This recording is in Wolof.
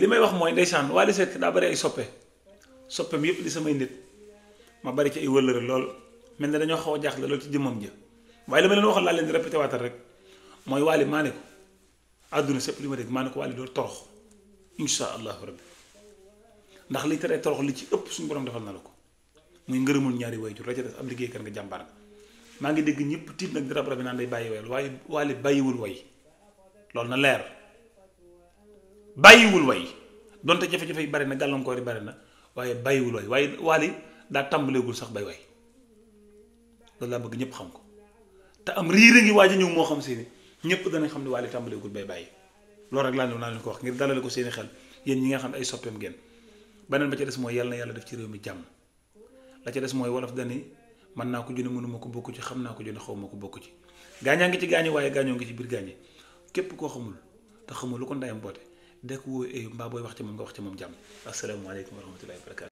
li may wax mooy ndeysaan Wally Seck daa bari ay soppe soppeem yëpp di samay nit ma bari ci ay wëllëre lool mel ne dañoo xaw a jaaxle lool ci jëmmam ja waaye li ma leen waxoon laa leen di répété waatal rek mooy Wally maa ne ko àdduna sépp li ma dégg maa ne ko Wally doo torox insha allahu rabbi ndax li tere torox li ci ëpp suñu borom defal na la ko muy ngërëmul ñaari way la ca des ab liggéeykat nga jàmbaar nga maa ngi dégg ñëpp tiit nag di rab rabi naan day bàyyi wayal waaye Wally bàyyiwul way loolu na leer bàyyiwul way donte jafe-jafe yi bari na gàllankoor yi bari na waaye bàyyiwul way waaye waali daa tàmbaleegul sax bay way loolu laa bëgg ñëpp xam ko te am riir a ngi waaj ñëw moo xam si ne ñëpp danañ xam ne waali tàmbaleegul bay bàyyi loolu rek laa ne naa ngir dalale ko seeni xel yéen ñi nga xam ay soppeem ngeen beneen ba ca des mooy yàlla yàlla def ci réew mi jàmm la des mooy wolof dani mën naa ko junne mënuma ko bokk ci xam naa ko junne xaw ma ko bokku ci gaañaa ngi ci gaañu waaye gaañoo ngi ci biir gaañe képp koo xamul te xamul lu ko ndayam boote ndek woo eh, mbaa booy wax ci moom nga wax ci moom jàmm asalaamaaleykum wa rahmatullahi wa barakatu